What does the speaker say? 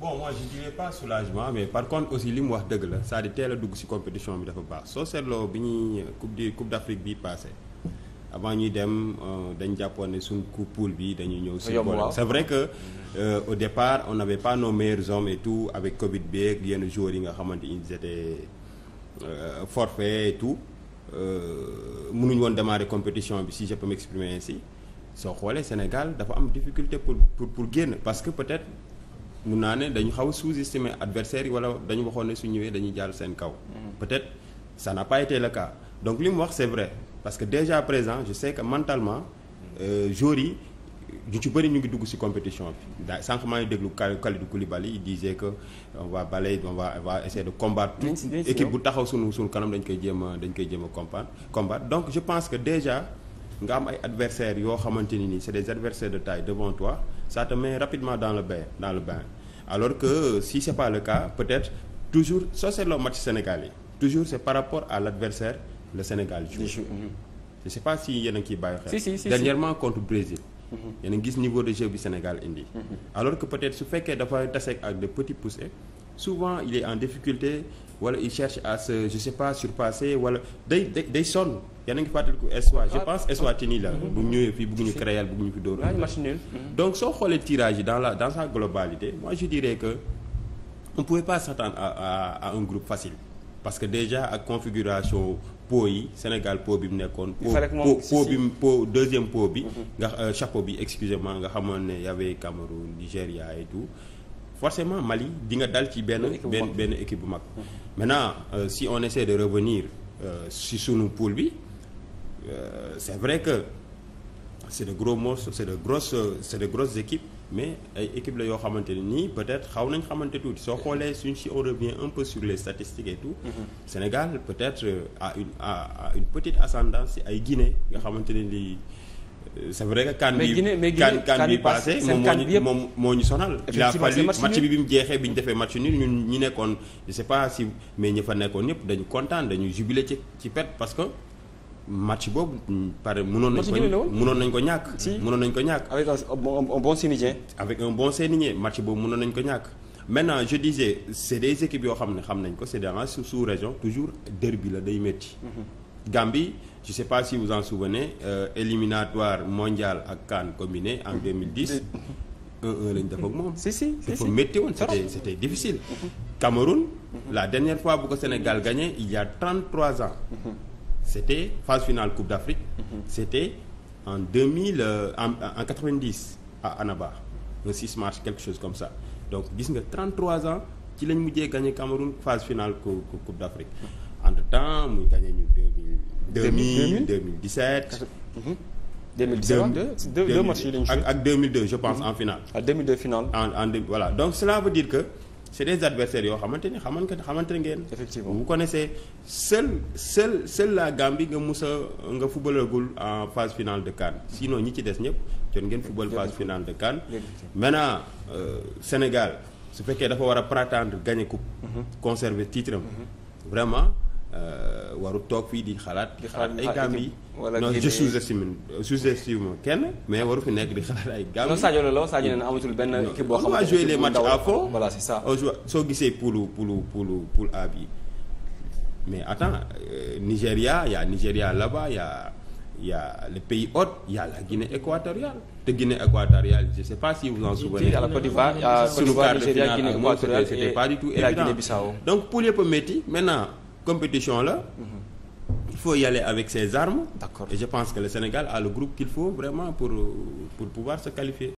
bon moi je dirais pas soulagement mais par contre aussi li mu wax dëgg la cest à teel a dugg ci compétition bi dafa baax soo seetloo bi ñuy coupe di coupe d'Afrique bi passé avant ñuy dem euh, dañ jàppoon ne suñ coup poule bi dañuy ñëw si c'est vrai que euh, au départ on n'avait pas nos meilleurs hommes et tout avec Covid bi ak yenn joueurs yi nga xamante ils étaient euh, forfaits et tout euh, mënuñ woon démarrer compétition bi si je peux si soo xoolee Sénégal dafa am difficulté pour pour pour génn parce que peut-être mun naa ne dañu xaw a sous-estimer adversaire yi wala dañu waxoon ne su ñëwee dañuy jàll seen kaw. Mm-hmm. peut-être ça n'a pas été donc li mu wax c'est vrai parce que déjà présent je sais que mentalement euh, joueurs yi ñu ci bëri ñu ngi dugg ci compétition bi daa sànq maa ngi déglu Kalidou Koulibaly il disait que on va balayer on va on va essayer de combattre équipe bu taxaw sunu sunu kanam dañ koy jéem a dañ koy jéem a combattre donc je pense que déjà nga am ay adversaires yoo xamante ni nii c'est des adversaires de taille devant dans le bain dans le alors que si c'est pas le cas peut-être toujours soo seetloo match Sénégal yi toujours c'est par rapport à l'adversaire le Sénégal joue mhm. je sais pas si yéen a bàyyi xel. si si dernièrement contre Brésil. Mhm. yéen gis niveau de jeu bi Sénégal indi. Mhm. alors que peut-être su fekkee dafa tase ak de petits poussés souvent il est en difficulté wala il cherche à se je sais pas surpasser wala day day day sonn yéen a ngi fàttaliku Eswatini je ah. pense Eswatini la. Mhm. bu ñu ñëwee fii bëgguñu créer bëgguñu fi dóor. Ah, mhm. donc soo xoolee tirage yi dans la dans sa globalité moi je dirais que on pouvait pas s'attendre à, à à un groupe facile parce que déjà ak configuration. po yi Sénégal po bi mu nekkoon. il po po bi po deuxième po bi. Mhm. nga euh, chapeau bi excusez nga xamoon ne y avait Cameroun Nigéria et forcément Mali di nga dal ci benn benn benn équipe bu mag mm-hmm. maintenant euh, si on essaie de revenir euh, si sunu poule bi euh, c'est vrai que c'est de gros morceaux c'est de grosses c'est de grosses équipes mais ay équipe la yoo xamante ne nii peut-être xaw nañ xamante tuuti soo xoolee suñ si on revient un peu sur les statistiques et mm-hmm. Sénégal peut-être euh, a une a, a une petite ascendance ay Guinée nga xamante ne lii c'est vrai que kan bi kan moom moo ñu moom moo ñu sonal. a fallu match bi bi mu jeexee bi ñu defee match nul ñun ñi nekkoon je sais pas si mais ñi fa nekkoon ñëpp dañu kontaan dañu jubilé ci ci pet parce que match boobu pare mënoon nañ ko ñàkk. si mënoon nañ ko ñàkk. avec un bon séninier. avec un bon séninier match boobu mënoon nañ ko ñàkk. maintenant je disais c'est des équipes yoo xam ne xam nañ ko c'est dans la sous-région toujours derby la day métti. Mhm. Gambie. je sais pas si vous en souvenez euh, éliminatoire mondial ak CAN combiné en 2010 1-1 lañ def ak moom si si dafa métti woon c'était c'était difficile Cameroun la dernière fois bu ko Sénégal gagné il y a 33 ans c'était phase finale Coupe d'Afrique c'était en 2000 euh, en en 90 à Annaba un 6 mars quelque chose comme ça donc gis nga 33 ans ci lañ mujjee gagné Cameroun phase finale Coupe Coupe d'Afrique entre temps muy gagné ñu deux mille. deux mille ak je pense mhm. en finale. ak ah, deux mille deux finale. en en voilà donc cela veut dire que. c'est des adversaires yoo xamante ni xamante xamante ngeen. effectivement vous connaissez seul seul seul Gambie nga mus a nga fubalagul en phase finale de CAN sinon ñi ci des ñëpp jot ngeen fubal phase finale de CAN. maintenant euh, Sénégal su fekkee dafa war a prétendre gagner coupe. conservé -hmm. conserver mhm. vraiment. Euh, waru toog fii di xalaat. di xalaat ay Gambie. wala non je sous-estime sous-estime kenn. mais waru fi nekk di xalaat ay Gambie. non Sadio Lô Sadio nee na amatul benn équipe boo. xamante ne jouer les matchs à fond voilà c'est ça. soo gisee poulu poulu poulu poul A bi mais attends euh, Nigéria y a Nigéria là-bas y a y a les pays hôtes y a la Guinée équatoriale te Guinée équatoriale je sais pas si vous en souvenez. à la Côte d'Ivoire sunu quart de finale ak moom c'était pas du tout évident donc poul yëpp a métti maintenant. compétition la il faut y aller avec ses armes. D'accord. je pense que le Sénégal a le groupe qu'il faut vraiment pour euh, pour pouvoir se qualifier.